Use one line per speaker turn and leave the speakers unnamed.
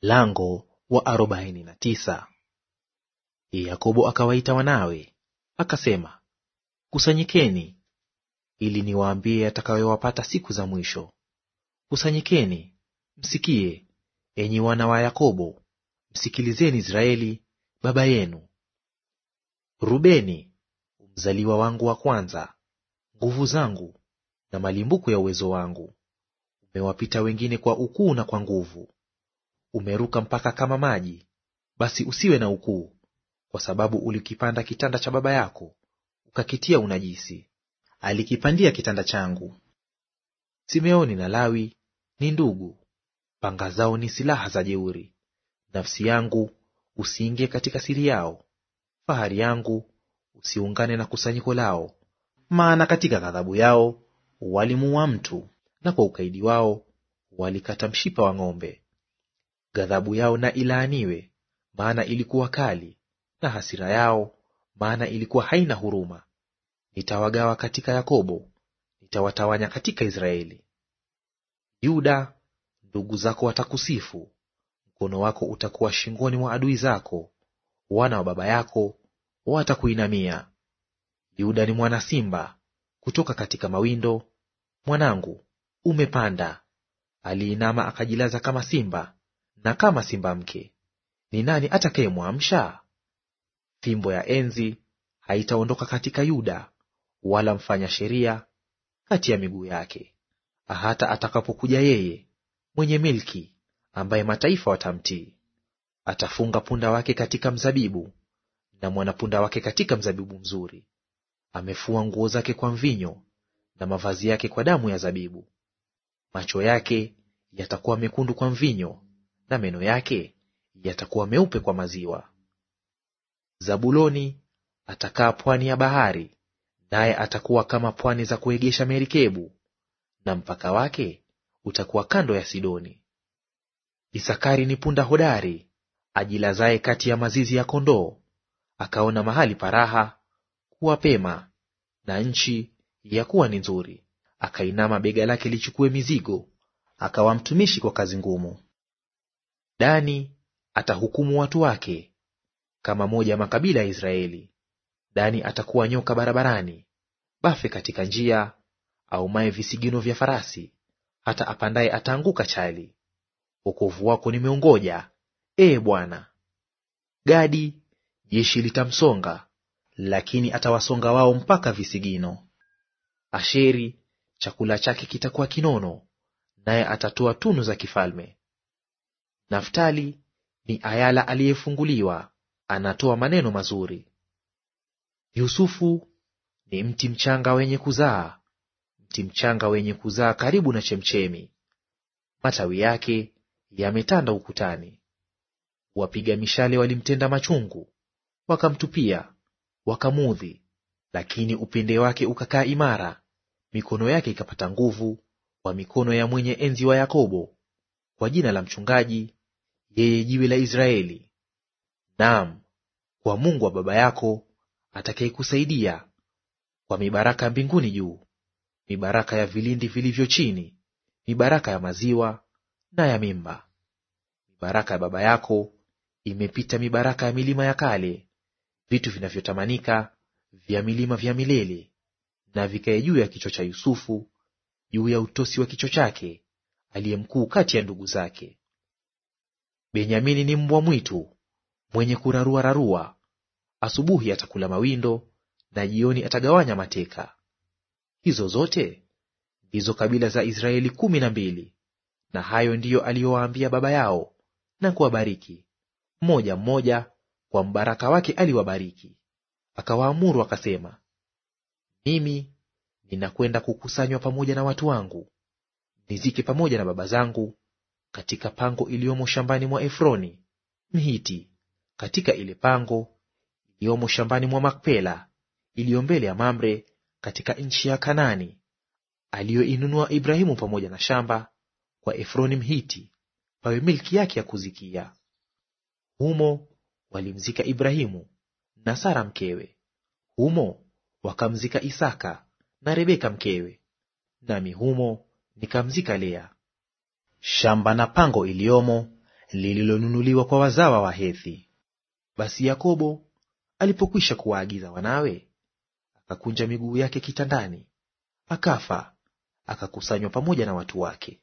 Lango wa arobaini na tisa. Yakobo akawaita wanawe akasema, kusanyikeni ili niwaambie yatakayowapata siku za mwisho. Kusanyikeni msikie, enyi wana wa Yakobo, msikilizeni Israeli baba yenu. Rubeni mzaliwa wangu wa kwanza, nguvu zangu na malimbuko ya uwezo wangu, umewapita wengine kwa ukuu na kwa nguvu umeruka mpaka kama maji, basi usiwe na ukuu, kwa sababu ulikipanda kitanda cha baba yako, ukakitia unajisi. Alikipandia kitanda changu. Simeoni na Lawi ni ndugu, panga zao ni silaha za jeuri. Nafsi yangu usiingie katika siri yao, fahari yangu usiungane na kusanyiko lao. Maana katika ghadhabu yao walimuua mtu, na kwa ukaidi wao walikata mshipa wa ng'ombe ghadhabu yao na ilaaniwe, maana ilikuwa kali, na hasira yao, maana ilikuwa haina huruma. Nitawagawa katika Yakobo, nitawatawanya katika Israeli. Yuda, ndugu zako watakusifu, mkono wako utakuwa shingoni mwa adui zako, wana wa baba yako watakuinamia. Yuda ni mwana simba kutoka katika mawindo, mwanangu umepanda. Aliinama akajilaza kama simba, na kama simba mke, ni nani atakayemwamsha? Fimbo ya enzi haitaondoka katika Yuda, wala mfanya sheria kati ya miguu yake, hata atakapokuja yeye mwenye milki, ambaye mataifa watamtii. Atafunga punda wake katika mzabibu, na mwanapunda wake katika mzabibu mzuri. Amefua nguo zake kwa mvinyo, na mavazi yake kwa damu ya zabibu. Macho yake yatakuwa mekundu kwa mvinyo, na meno yake yatakuwa meupe kwa maziwa. Zabuloni atakaa pwani ya bahari, naye atakuwa kama pwani za kuegesha merikebu, na mpaka wake utakuwa kando ya Sidoni. Isakari ni punda hodari ajilazaye kati ya mazizi ya kondoo, akaona mahali paraha kuwa pema na nchi ya kuwa ni nzuri, akainama bega lake lichukue mizigo, akawa mtumishi kwa kazi ngumu. Dani atahukumu watu wake kama moja ya makabila ya Israeli. Dani atakuwa nyoka barabarani, bafe katika njia, aumaye visigino vya farasi, hata apandaye ataanguka chali. Wokovu wako nimeungoja, ee Bwana. Gadi jeshi litamsonga, lakini atawasonga wao mpaka visigino. Asheri chakula chake kitakuwa kinono, naye atatoa tunu za kifalme. Naftali ni ayala aliyefunguliwa, anatoa maneno mazuri. Yusufu ni mti mchanga wenye kuzaa, mti mchanga wenye kuzaa karibu na chemchemi. Matawi yake yametanda ukutani. Wapiga mishale walimtenda machungu, wakamtupia, wakamudhi, lakini upinde wake ukakaa imara, mikono yake ikapata nguvu, kwa mikono ya mwenye enzi wa Yakobo, kwa jina la mchungaji yeye jiwe la Israeli, naam, kwa Mungu wa baba yako atakayekusaidia, kwa mibaraka mbinguni juu, mibaraka ya vilindi vilivyo chini, mibaraka ya maziwa na ya mimba. Mibaraka ya baba yako imepita mibaraka ya milima ya kale, vitu vinavyotamanika vya milima vya milele, na vikae juu ya kichwa cha Yusufu, juu ya utosi wa kichwa chake, aliye mkuu kati ya ndugu zake. Benyamini ni mbwa mwitu mwenye kurarua rarua; asubuhi atakula mawindo, na jioni atagawanya mateka. Hizo zote ndizo kabila za Israeli kumi na mbili, na hayo ndiyo aliyowaambia baba yao, na kuwabariki; mmoja mmoja kwa mbaraka wake aliwabariki. Akawaamuru akasema, Mimi ninakwenda kukusanywa pamoja na watu wangu, nizike pamoja na baba zangu katika pango iliyomo shambani mwa Efroni Mhiti, katika ile pango iliyomo shambani mwa Makpela iliyo mbele ya Mamre, katika nchi ya Kanaani aliyoinunua Ibrahimu pamoja na shamba kwa Efroni Mhiti, pawe milki yake ya kuzikia. Humo walimzika Ibrahimu na Sara mkewe. Humo wakamzika Isaka na Rebeka mkewe, nami humo nikamzika Lea shamba na pango iliyomo lililonunuliwa kwa wazawa wa Hethi. Basi Yakobo alipokwisha kuwaagiza wanawe, akakunja miguu yake kitandani, akafa, akakusanywa pamoja na watu wake.